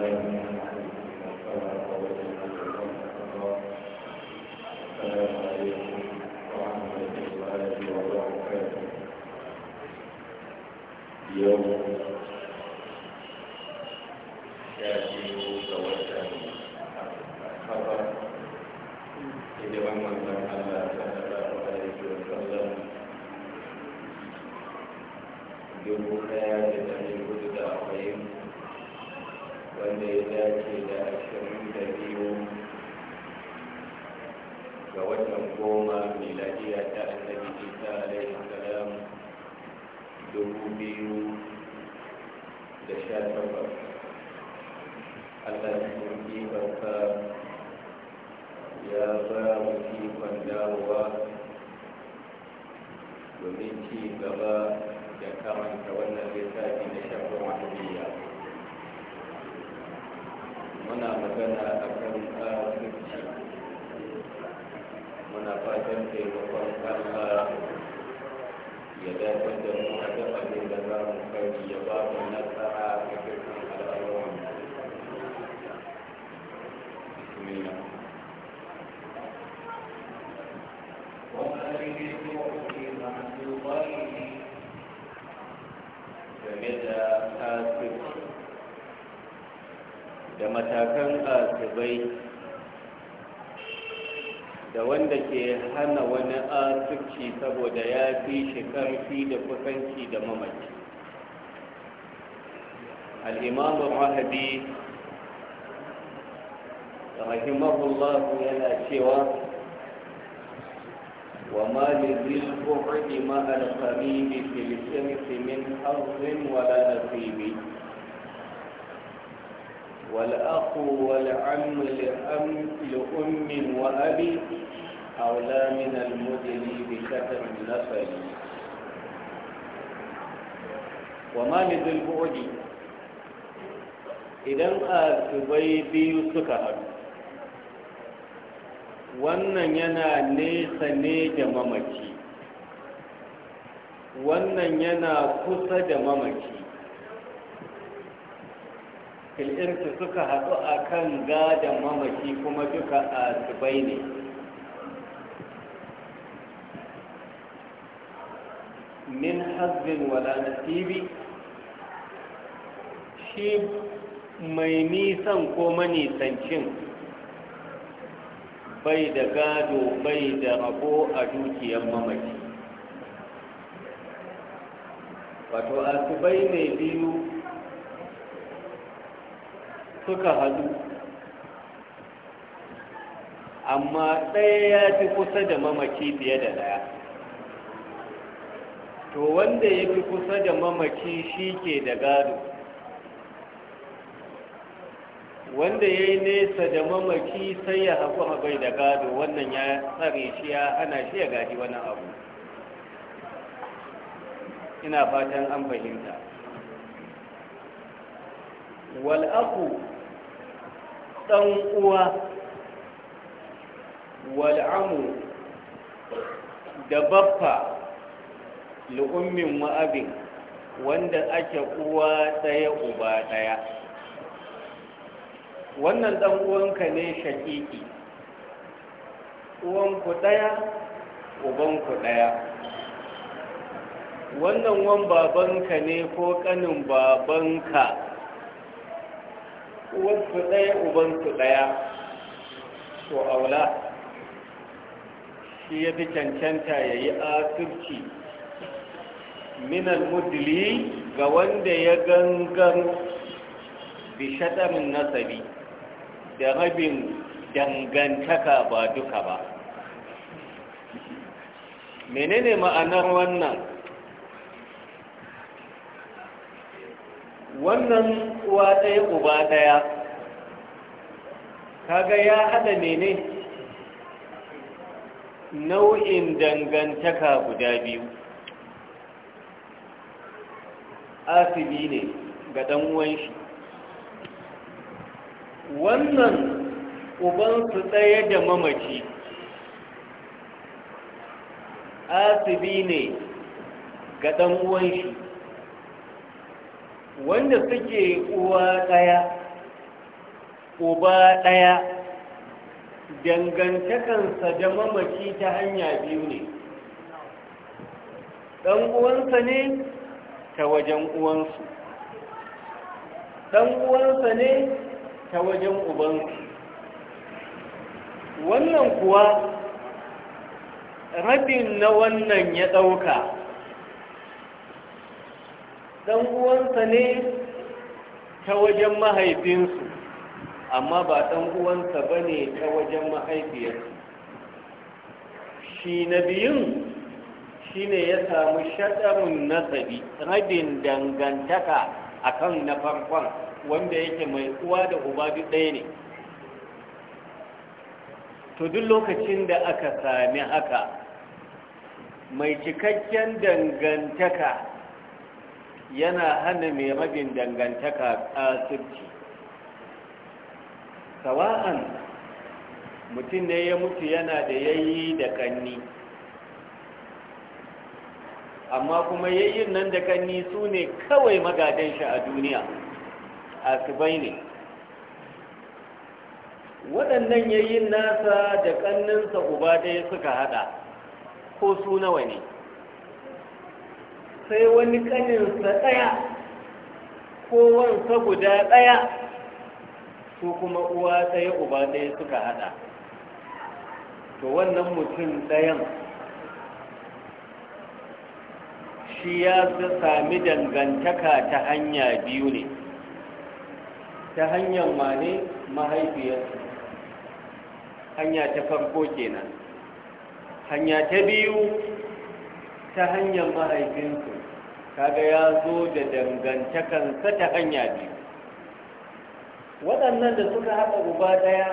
later. da wannan littafi na shafin wahabiyya muna magana a kan kafirci muna fatan taimakon allah ya dafa da mu a abin da za mu kai ya ba mu matakan asibai da wanda ke hana wani asirci saboda ya fi shi karfi da kusanci da mamaci al'imamun rahabi rahimahullahu yana cewa wa malizil ma ma'alfami da filisimisi min harzin wala nasibi والأخ والعم لأم لأم وأبي أولى من المدل بكثر النفل وما لذي البعد idan asibai biyu suka haɗu wannan yana nesa ne da mamaki. wannan yana kusa da mamaki. fil'irki suka haɗu a kan gadon mamaki kuma duka a zubai ne min hasbin wala nasibi shi mai nisan ko manisancin bai da gado bai da rabo a dukiyar mamaki wato asibai ne biyu suka hadu amma ɗaya ya fi kusa da mamaki fiye da ɗaya to wanda ya fi kusa da mamaki shi ke da gado wanda ya yi nesa da mamaki sai ya haku bai da gado wannan ya tsare shi ya hana shi ya gaji wani abu ina fatan an fahimta wal'aku ɗan uwa wal'amu da baffa lu'ummin wa'abin wanda ake uwa ɗaya uba ɗaya wannan ɗan uwanka ne shaƙiƙi uwanku ɗaya ubanku ɗaya wannan wan babanka ne ko ƙanin babanka Wasu ɗaya ubansu ɗaya to aula shi ya fi cancanta ya yi asirci minal mudli ga wanda ya gangan bishadarin nasabi da rabin dangantaka ba duka ba menene ma'anar wannan wannan uwa ɗaya uba ɗaya kaga ya haɗa mene nau'in dangantaka guda biyu asibi ne ga ɗan'uwan shi wannan uban su ɗaya da mamaci asibi ne ga ɗan shi wanda suke uwa ɗaya uba ɗaya dangantakansa da mamaci ta hanya biyu ne ɗan uwansa ne ta wajen uwansu ɗan uwansa ne ta wajen ubansu wannan kuwa rabin na wannan ya ɗauka Dan uwansa ne ta wajen mahaifinsu amma ba dan uwansa ba ne ta wajen mahaifiyarsu shi na biyun shi ne ya samu shaɗarin nasabi rabin dangantaka akan na farkon wanda yake mai uwa da uba duk ɗaya ne to duk lokacin da aka sami haka mai cikakken dangantaka yana hana mai rabin dangantaka kasirci sawa'an mutum ne ya mutu yana da yayi da ƙanni amma kuma yayin nan da ƙanni su ne kawai magadan shi a duniya asibai ne waɗannan yayin nasa da ƙanninsa uba ɗaya suka haɗa ko su nawa ne sai wani ƙaninsa ɗaya ko wansa guda ɗaya ko kuma uwa ɗaya uba ɗaya suka haɗa to wannan mutum ɗayan shi ya sami dangantaka ta hanya biyu ne ta hanyar mane mahaifiyarsu hanya ta farko kenan hanya ta biyu ta hanyar mahaifinsu kaga ya zo da dangantakansa ta hanya biyu waɗannan da suka haɗa uba ɗaya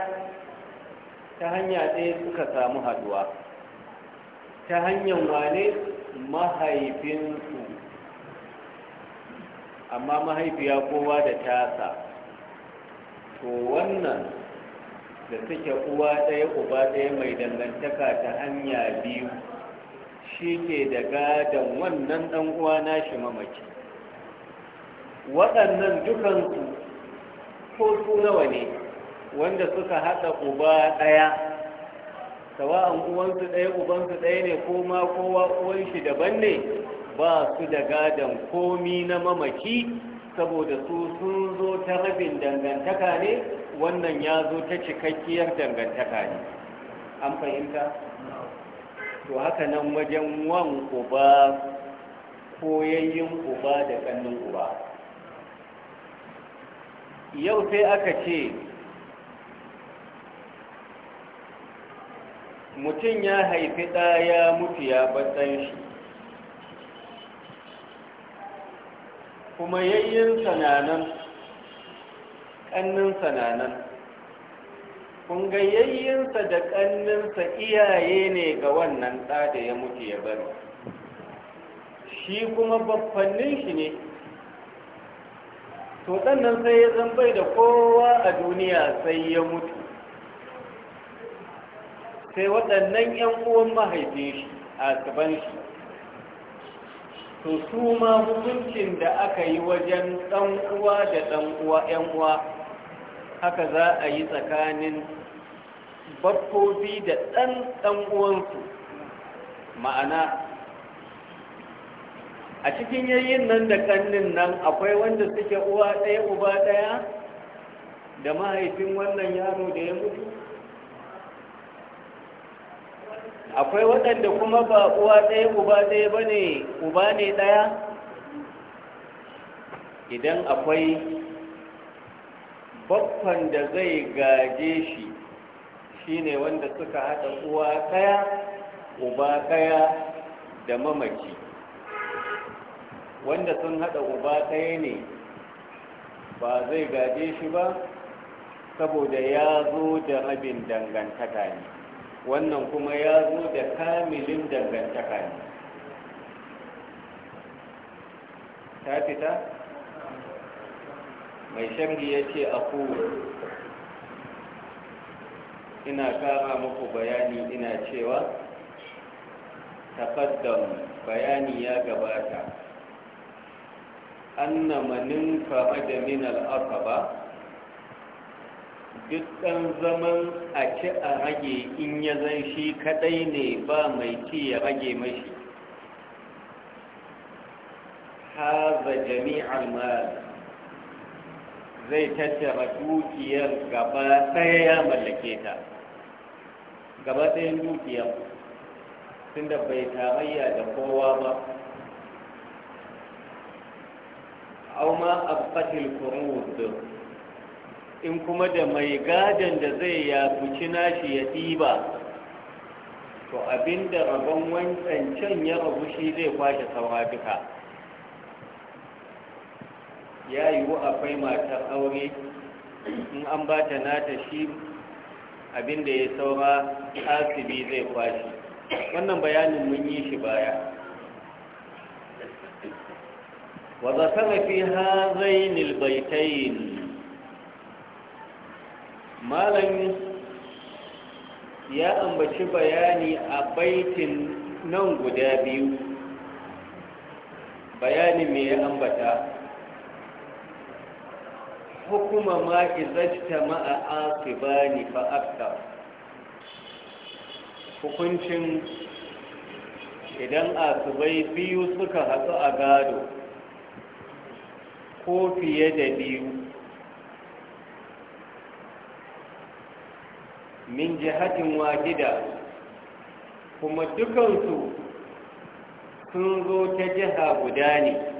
ta hanya ɗaya suka samu haɗuwa ta hanyar wane mahaifinsu amma mahaifiya kowa da tasa to wannan da suke uwa ɗaya uba ɗaya mai dangantaka ta hanya biyu shi ke da gadon wannan ɗan uwa shi mamaki waɗannan dukansu ko su nawa ne wanda suka haɗa uba ɗaya sawa'an uwansu ɗaya ubansu ɗaya ne ko ma kowa uwan shi daban ne ba su da gadon komi na mamaki saboda su sun zo ta rabin dangantaka ne wannan ya zo ta cikakkiyar dangantaka ne an fahimta to haka nan wajen wan uba koyayyin uba da ƙannin uba yau sai aka ce mutum ya haifi ɗaya ya mutu ya batsan shi kuma yayyin sananan ƙannin sananan kun da ƙanninsa iyaye ne ga wannan ɗa da ya mutu ya bari shi kuma baffannin shi ne to ɗannan sai ya bai da kowa a duniya sai ya mutu sai waɗannan 'yan uwan mahaifin shi a gaban shi to su ma hukuncin da aka yi wajen ɗan uwa da ɗan uwa 'yan uwa haka za a yi tsakanin baffofi da ɗan ɗan uwansu ma'ana a cikin yayin nan da ƙannin nan akwai wanda suke uwa ɗaya uba ɗaya da mahaifin wannan yaro da ya mutu akwai waɗanda kuma ba uwa ɗaya uba ɗaya ba ne uba ne ɗaya idan akwai babban da zai gaje shi shine wanda suka haɗa uwa kaya, uba ɗaya da mamaki. wanda sun haɗa uba kaya ne ba zai gaje shi ba saboda ya zo da rabin dangantaka ne wannan kuma ya zo da kamilin dangantaka ne ta fita? mai sharhi ya ce a ina kara muku bayani ina cewa takaddam bayani ya gabata anna manin fa'ada min ba. duk ɗan zaman a ci a rage in ya zan shi kaɗai ne ba mai ci ya rage mashi haza jami'ar mara zai tattara dukiyar gaba ɗaya ya mallake ta gaba ɗayan dukiyar tunda bai tarayya da kowa ba au ma abqatil qurud in kuma da mai gadon da zai yafuci nashi ya ɗiba to abinda rabon wancan can ya rabu shi zai kwashe saura duka ya yiwu akwai matar aure in an ba ta nata shi abinda ya saura asibi zai kwashi wannan bayanin mun yi shi baya wadda sarrafi hazainil baitayin malam ya ambaci bayani a baitin nan guda biyu bayani ya ambata hukuma ma izajta ma'a asibani fa aktar hukuncin idan asibai biyu suka hatsu a gado ko fiye da biyu min jihatin wahida kuma dukansu sun zo ta jiha guda ne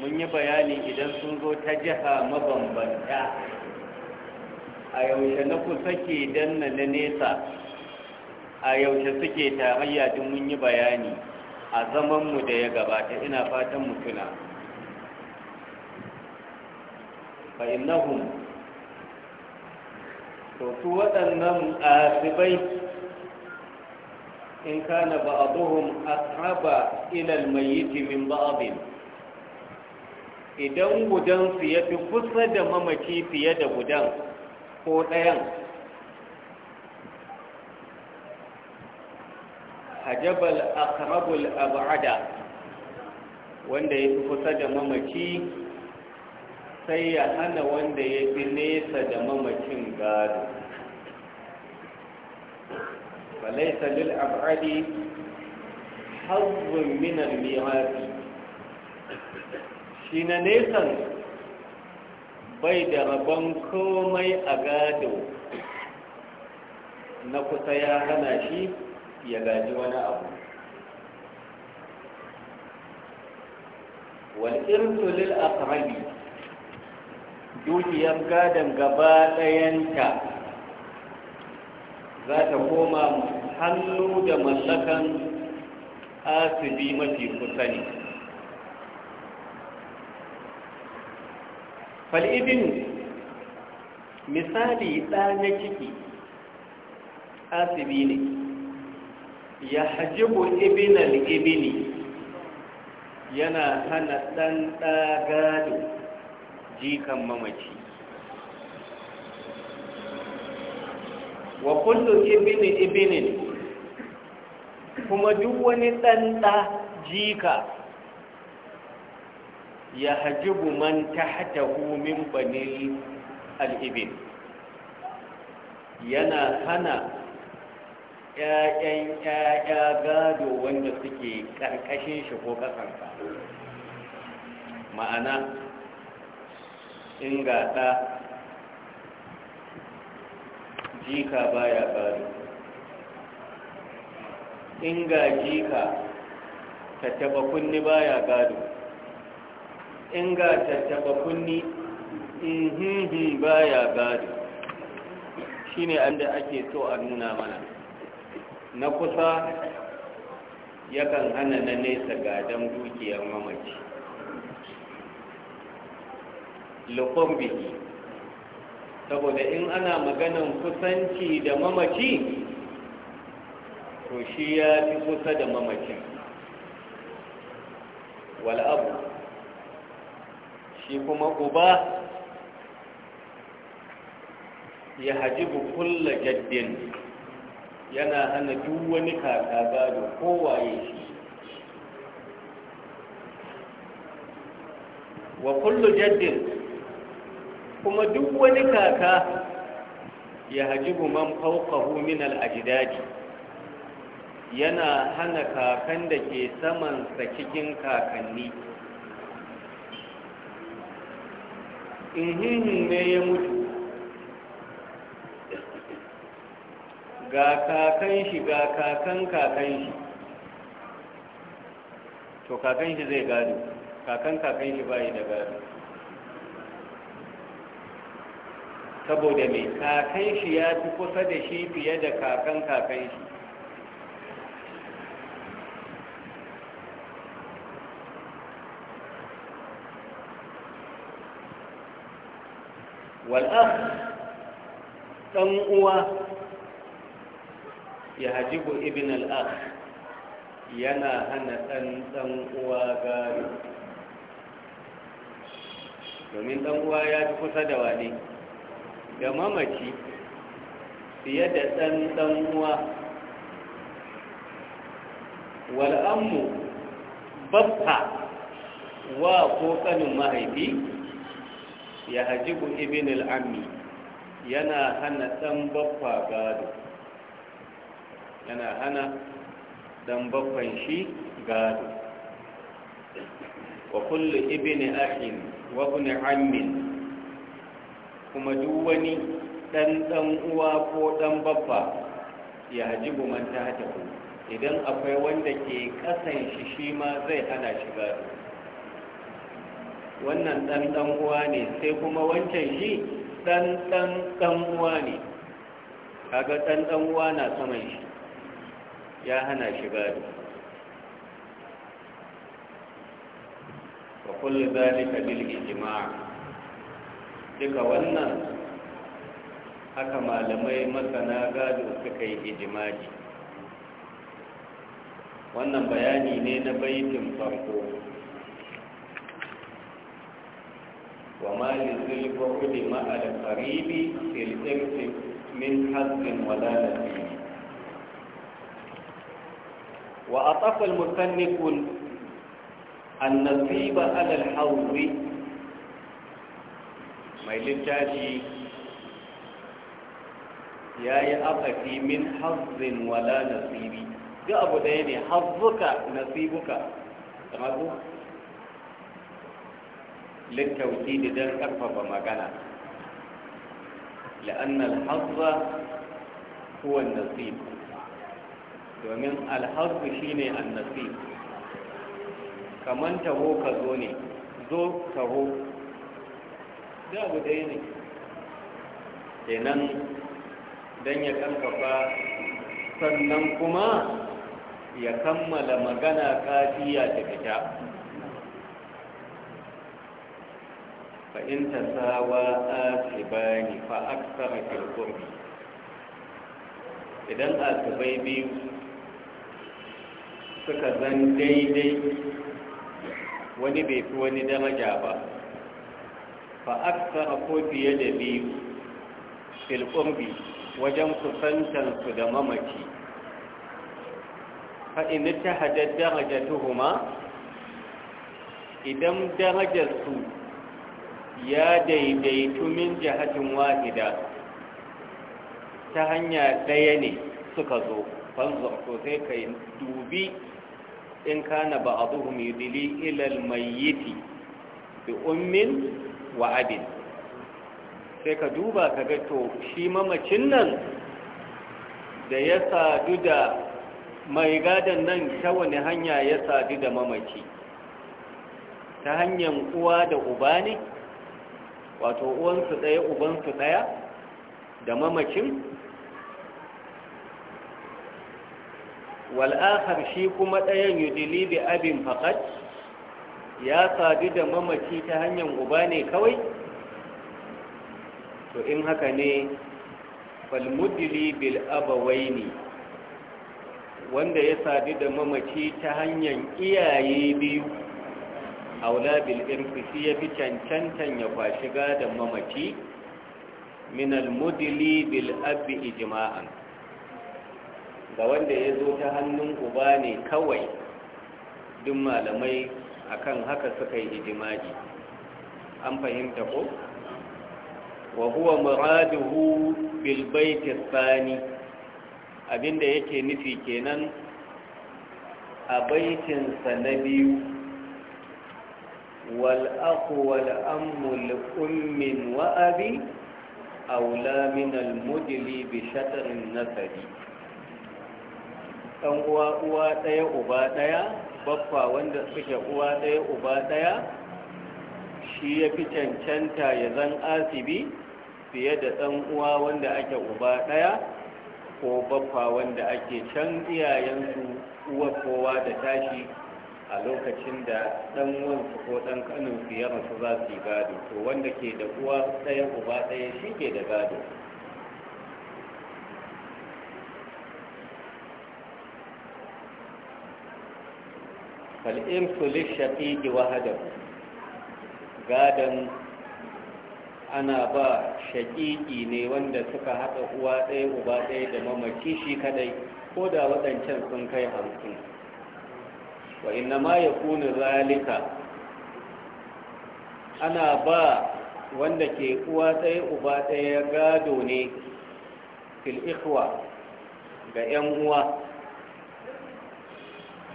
mun yi bayani idan sun zo ta jiha mabambanta a yaushe na kusa ke danna na nesa a yaushe suke tarayya duk mun yi bayani a zamanmu da ya gabata ina fatan mutuna fa'innahun to su waɗannan sibai in kana ba'aduhum asaba ilal yi min ba'abin idan gudansu ya fi kusa da mamaci fiye da gudan ko ɗayan hajjabal akarabul abu'ada wanda ya fi kusa da mamaci sai ya hana wanda ya fi nesa da mamacin gado falaisa lil abu'adi hazzun minar mirafi shi na nesan bai da rabon komai a gado na kusa ya hana shi ya gaji wani abu wal'irtu lil akrabi dukiyar gadon gaba ɗayanta za ta koma hannu da mallakan asibi mafi kusa ne fal'ibin misali ɗa ciki asibi ne ya hajjibu ibinan ibini yana hana ɗan gado jikan mamaci wa kullu ibini ibinin kuma duk wani ɗan ɗa jika ya hajibu man hata min banil al'ibin yana hana ‘ya'yan ‘ya'ya gado wanda suke ƙarƙashin shi ko ƙasanka ma'ana in gaɗa jika baya gado in ga jika tattaba kunni baya gado in ga tattaba kunni inhihi mhm, baya gado shine anda ake so a nuna mana na kusa yakan hana na nesa gadon dukiyar mamaci lukon biki saboda in ana maganan kusanci da mamaci to shi ya fi kusa da mamaci wal'abu shi kuma uba ya hajibu kulla jaddin yana hana duk wani kaka gado kowaye shi wa kullu jaddin kuma duk wani kaka ya hajibu man fawqahu min al-ajdadi yana hana kakan da ke saman sa cikin kakanni ihihi ne ya mutu ga kakan shi ga kakan kakan shi to kakan shi zai gado kakan kakan shi bayi da gado saboda mai kakan shi ya fi kusa da shi fiye da kakan kakan shi wal'af ɗan uwa ya hajibu ibn al'af yana hana ɗan ɗan uwa gari domin ɗan uwa ya fi kusa da wani, da mamaci fiye da ɗan ɗan uwa wal'ammu babba wa ko kanin mahaifi ya bu ibinil al'ammi yana hana ɗan baffa gado yana hana dan baffan shi gado wa kullu ibn ahin wa ibn ammin kuma duk wani ɗan dan uwa ko ɗan baffa ya manta man ta idan akwai wanda ke kasan shi shi ma zai hana shi gado wannan ɗan ɗan uwa ne sai kuma wancan shi ɗan ɗan ɗan uwa ne kaga ɗan ɗan uwa na saman shi ya hana shi gado wa kullu zalika bil ijma' duka wannan haka malamai masana gado suka yi ijma'i wannan bayani ne na baitin farko وما لذي البعد على قريب في الإرث من حظ ولا نسيب وأطف المصنف النصيب على الحوض ما يلتاجي ya yi afafi min hazzin wala nasibi ga abu ɗaya ne hazzuka nasibuka kamar للتوكيد دان أرفض مغانا لأن الحظ هو النصيب ومن الحظ شيني النصيب kaman taho ka zo ne zo taho da abu ɗaya ne kenan don ya ƙarfafa sannan kuma ya kammala magana kafiya ta fita fa'in ta sawa asibani fa aksara kirkuri idan asibai biyu suka zan daidai wani bai fi wani daraja ba fa aksara ko fiye da biyu filkurbi wajen kusantarsu da mamaki fa'in ta hajjar daraja tuhuma idan ya daidaitu min jihatin wahida ta hanya ɗaya ne suka zo fanzur to sai ka dubi in kana ba a mai dili ilal mai fi da ummin wa sai ka duba ka ga to shi mamacin nan da ya sadu da mai gadon nan ta wani hanya ya sadu da mamaci ta hanyar uwa da uba ne wato uwansu ɗaya ubansu ɗaya da mamacin Wal'ahar shi kuma ɗayan yudili bi abin fakat ya sadu da mamaci ta hanyar uba ne kawai to in haka ne falmudili bil abawai ne wanda ya sadu da mamaci ta hanyar iyaye biyu aula bil shi ya fi cancantan ya kwashi gadon mamaci min almudili bil abi ijma'an ga wanda ya zo ta hannun uba ne kawai duk malamai akan haka suka yi ijimaji an fahimta ko wa huwa muraduhu bil baiti tsani abinda yake nufi kenan a baitinsa na biyu والأخ والأم لأم وأبي أولى من المدلي بشطر النسب ɗan uwa uwa ɗaya uba ɗaya baffa wanda suke uwa ɗaya uba ɗaya shi ya fi cancanta ya zan asibi fiye da ɗan uwa wanda ake uba ɗaya ko baffa wanda ake can iyayensu uwa kowa da tashi a lokacin da ɗan wansu ko ɗan kaninsu ya rasu za su yi gado to wanda ke da uwa ɗaya uba ɗaya shi ke da gado fal'irsu shafiƙi wahadar gadon ana ba shaƙiƙi ne wanda suka haɗa uwa ɗaya uba ɗaya da mamaki shi kadai ko da waɗancan sun kai hamsin wa inna ma ya kuni zalika ana ba wanda ke uwa ɗaya uba ɗaya gado ne fil ikhwa ga 'yan uwa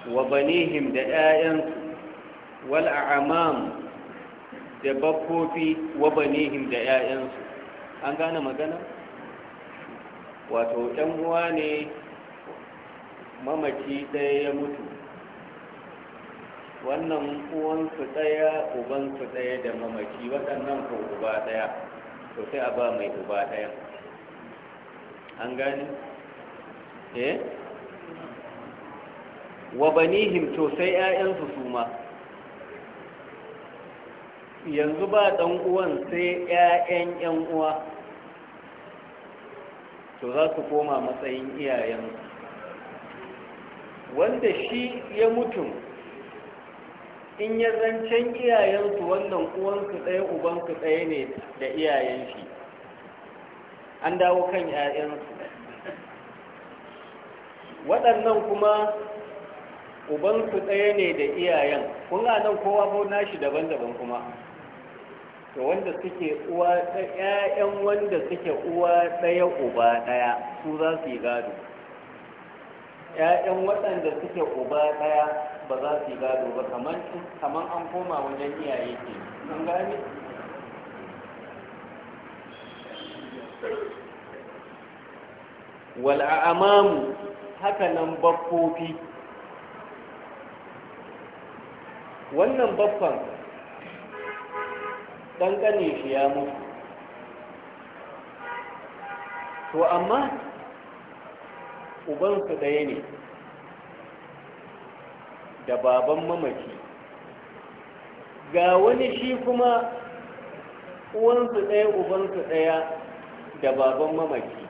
wa banihim da 'ya'yansu wal a'amam da bakofi wa banihim da 'ya'yansu an gane magana wato 'yan uwa ne mamaci ɗaya ya mutu wannan uwansu ɗaya ubansu ɗaya da mamaki waɗannan ko uba ɗaya to sai a ba mai uba ɗaya an gani eh wa banihim to sai 'ya'yansu su ma yanzu ba ɗan uwan sai 'ya'yan 'yan uwa to za su koma matsayin iyayen wanda shi ya mutum in ya zancen iyayensu wannan uwansu ɗaya ubansu ɗaya ne da iyayen shi an dawo kan 'ya'yansu waɗannan kuma ubansu ɗaya ne da iyayen kun nan kowa ko nashi daban-daban kuma to wanda suke uwa ƴaƴan wanda suke uwa ɗaya uba ɗaya su za su yi gado Ya'yan waɗanda suke uba ɗaya ba za su yi gado ba kamar an koma wajen iyaye ke an gane wal'amamu haka nan bakkofi wannan baffan ɗanƙane shi ya mutu to amma ubansu ɗaya ne da baban mamaki ga wani shi kuma uwansu ɗaya ubansu ɗaya da baban mamaki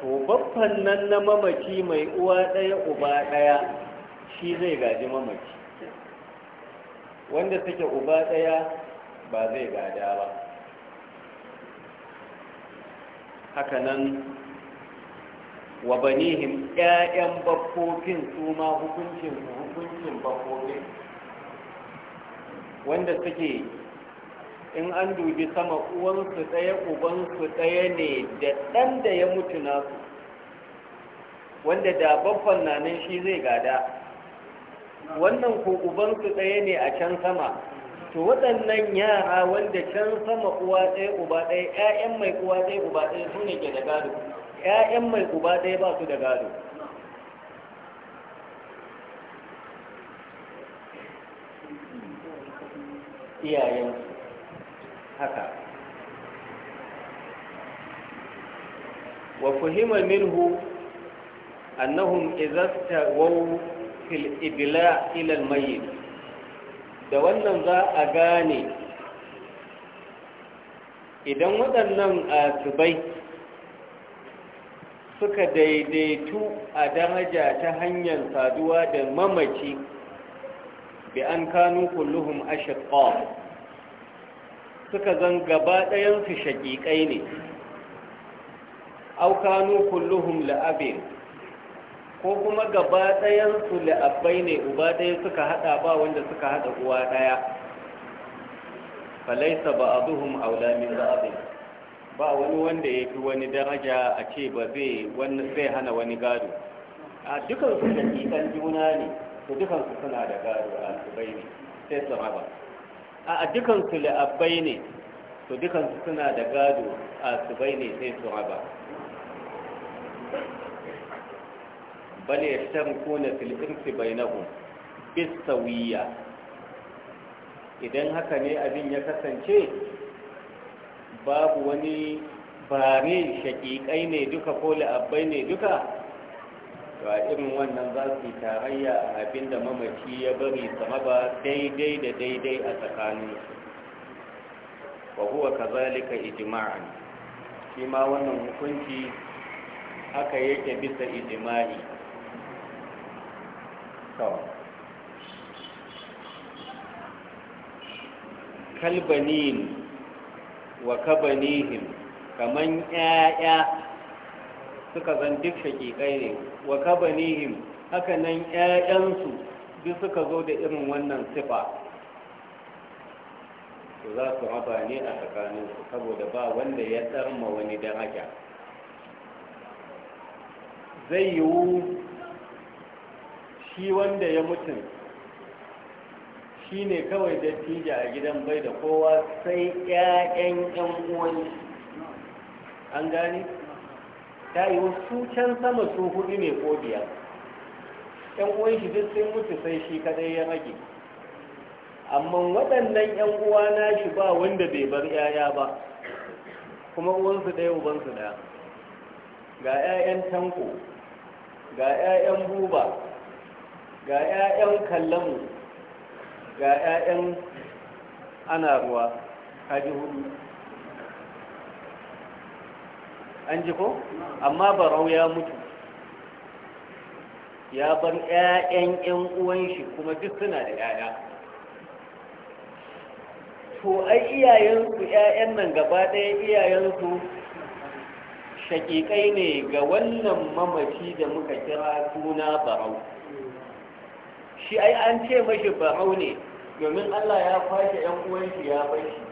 to babban nan na mamaki mai uwa ɗaya uba ɗaya shi zai gaji mamaki wanda take uba ɗaya ba zai gada ba hakanan wa banihim ƴaƴan bakkofin su ma hukuncin hukuncin bakkofin wanda suke in an dubi sama uwansu ɗaya ubansu ɗaya ne da ɗan da ya mutu nasu wanda da babban nanin shi zai gada wannan ko ubansu ɗaya ne a can sama to waɗannan yara wanda can sama uwa ɗaya uba ɗaya 'ya'yan mai uwa ɗaya uba ɗaya su ne ke da gado yayan mai uba ɗaya ba su da gado iyayen haka wa fahima minhu annahum idza tawaw fil ibla ila al mayyit da wannan za a gane idan waɗannan asibai suka daidaitu a daraja ta hanyar saduwa da mamaci bi an kanu kulluhum ashqa suka zan gaba ɗayan su shaqiqai ne au kanu kulluhum la'abin ko kuma gaba ɗayan su la'abai ne uba ɗaya suka haɗa ba wanda suka haɗa uwa ɗaya falaisa ba awla min ba'abin ba wani wanda ya fi wani daraja a ce ba zai hana wani gado a dukansu da kikan juna ne to dukansu suna da gado a subai ne sai su raba a dukansu la'abbai ne to dukansu suna da gado a subai ne sai su raba shan yashtarikuna fil bai na bis sawiya idan haka ne abin ya kasance babu wani bare shakikai ne duka ko la'abbai ne duka to a irin wannan za su tarayya a abin da mamaci ya bari sama ba daidai da daidai a tsakaninsu wa huwa kazalika ijma'an shi ma wannan hukunci haka yake bisa ijima'i kalbanin wa kabanihim kaman 'ya'ya suka zan duk shaƙiƙai ne wa kabanihim haka nan ƴaƴansu duk suka zo da irin wannan sifa to za su raba ne a tsakaninsu saboda ba wanda ya tsarma wani daraja zai yiwu shi wanda ya mutum shi ne kawai dattija a gidan bai da kowa sai 'ya'yan 'yan uwan an gani ta yi wasu can sama su hudu ne ko biyar 'yan uwan shi duk sun mutu sai shi kadai ya rage amma waɗannan 'yan uwa na shi ba wanda bai bar 'ya'ya ba kuma uwansu ɗaya ubansu ɗaya ga 'ya'yan tanko ga 'ya'yan buba ga 'ya'yan kallamu ga 'ya'yan ana ruwa kaji hudu an ji ko amma barau ya mutu ya bar 'ya'yan 'yan uwan shi kuma duk suna da 'ya'ya to ai iyayensu 'ya'yan nan gaba ɗaya iyayensu shaƙiƙai ne ga wannan mamaci da muka kira suna barau shi ai an ce mashi farau ne domin Allah ya kwashe ‘yan uwanshi ya bashi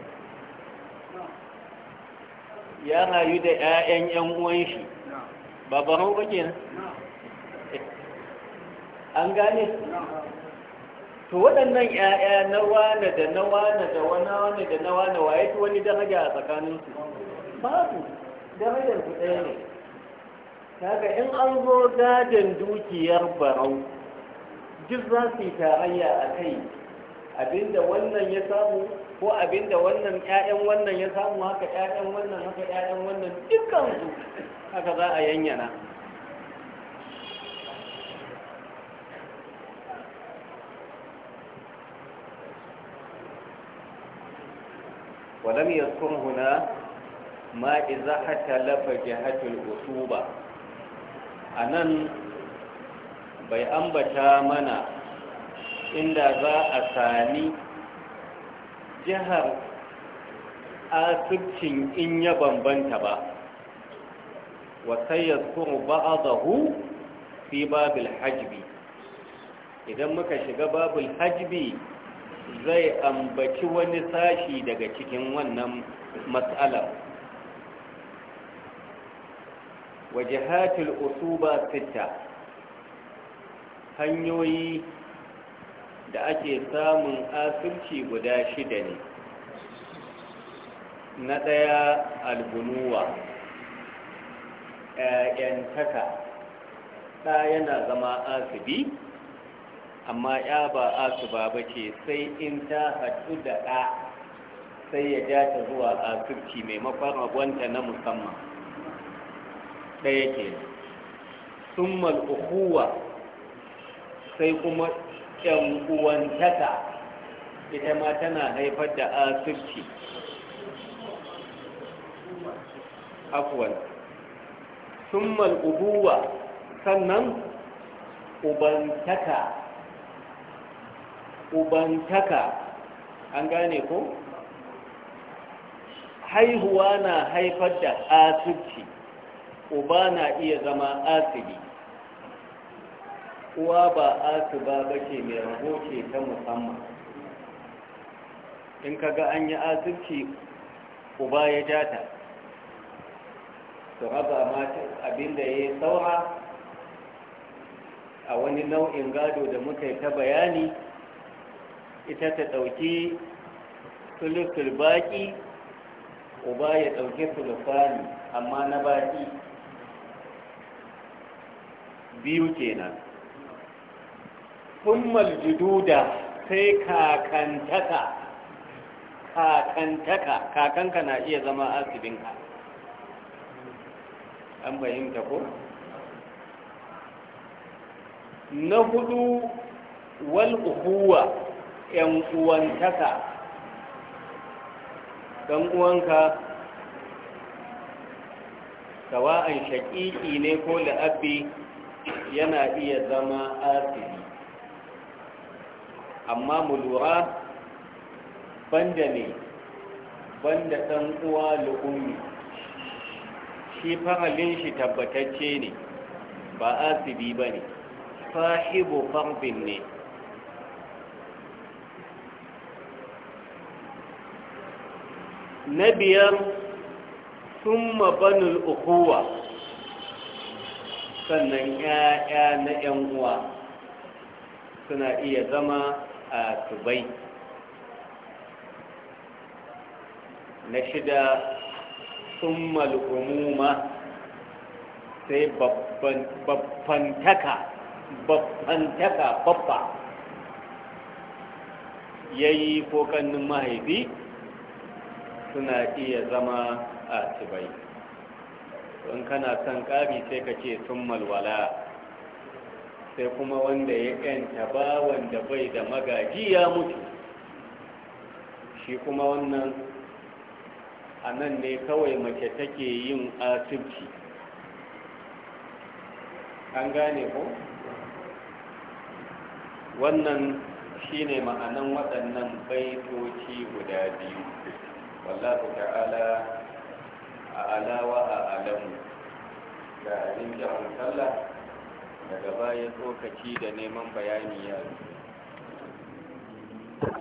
ya rayu da ‘ya'yan ‘yan uwanshi ba farau ba ke an gane to waɗannan ‘ya'ya na wane da na wane da wani wane da na wane wa ta wani daraja a tsakaninsu babu darajar su ɗaya ne kaga in an zo gadon dukiyar barau duk za su yi tarayya a kai abinda wannan ya samu ko abinda wannan ƴaƴan wannan ya samu haka ƴaƴan wannan haka ƴaƴan wannan dukkansu haka za a yanyana ولم يذكر هنا ما إذا حتلف جهة الأصوبة أنا bai ambata mana inda za a sami jihar asibcin in ya bambanta ba wasai ya tsoro ba'adahu fi babul hajji. idan muka shiga babul hajji zai ambaci wani sashi daga cikin wannan matsalar wajahatul usuba sita hanyoyi da ake samun asirci guda shida ne na ɗaya albunuwa ‘ya'yantaka ɗa yana zama asibi amma ya ba asuba ba ce sai in ta haɗu da ɗa sai ya ja ta zuwa asirci maimakon ragwanta na musamman ɗaya ke sun mal'ukuwa sai kuma ƴan uwantaka ita ma tana haifar da asirci afwan summal ubuwa sannan ubantaka ubantaka an gane ko haihuwa na haifar da asirci uba na iya zama asibi Kuwa ba asu ba bace mai rabo ce ta musamman in ka ga an yi ku uba ya jata su raba mata abinda ya yi saura a wani nau'in gado da muka yi ta bayani ita ta ɗauki sulusul baƙi uba ya ɗauki sulusani amma na baƙi biyu kenan summal jududa sai kakantaka kakantaka kakanka na iya zama asibinka an bayyanta ko na hudu wal uhuwa yan uwantaka dan uwanka sawa'an shaƙiƙi ne ko la'abbi yana iya zama asibi amma mu lura banda ne banda ɗan uwa lu'ummi shi faralin shi tabbatacce ne ba asibi ba ne fahibu farbin ne na biyar sun mabanul ukuwa sannan 'ya'ya na 'yan uwa suna iya zama a tubai na shida summal mal'umuma sai babbantaka babbantaka babba yayi ko kannin mahaifi suna iya zama a tubai in kana son ƙari sai ka ce summal wala sai kuma wanda ya yanta ba wanda bai da magaji ya mutu shi kuma wannan a ne kawai mace take yin asibci an gane ko wannan shine ma'anan waɗannan baitoci guda biyu wallahu ta'ala a alawa a alamu da abin jihar sallah daga baya tsokaci da neman bayani ya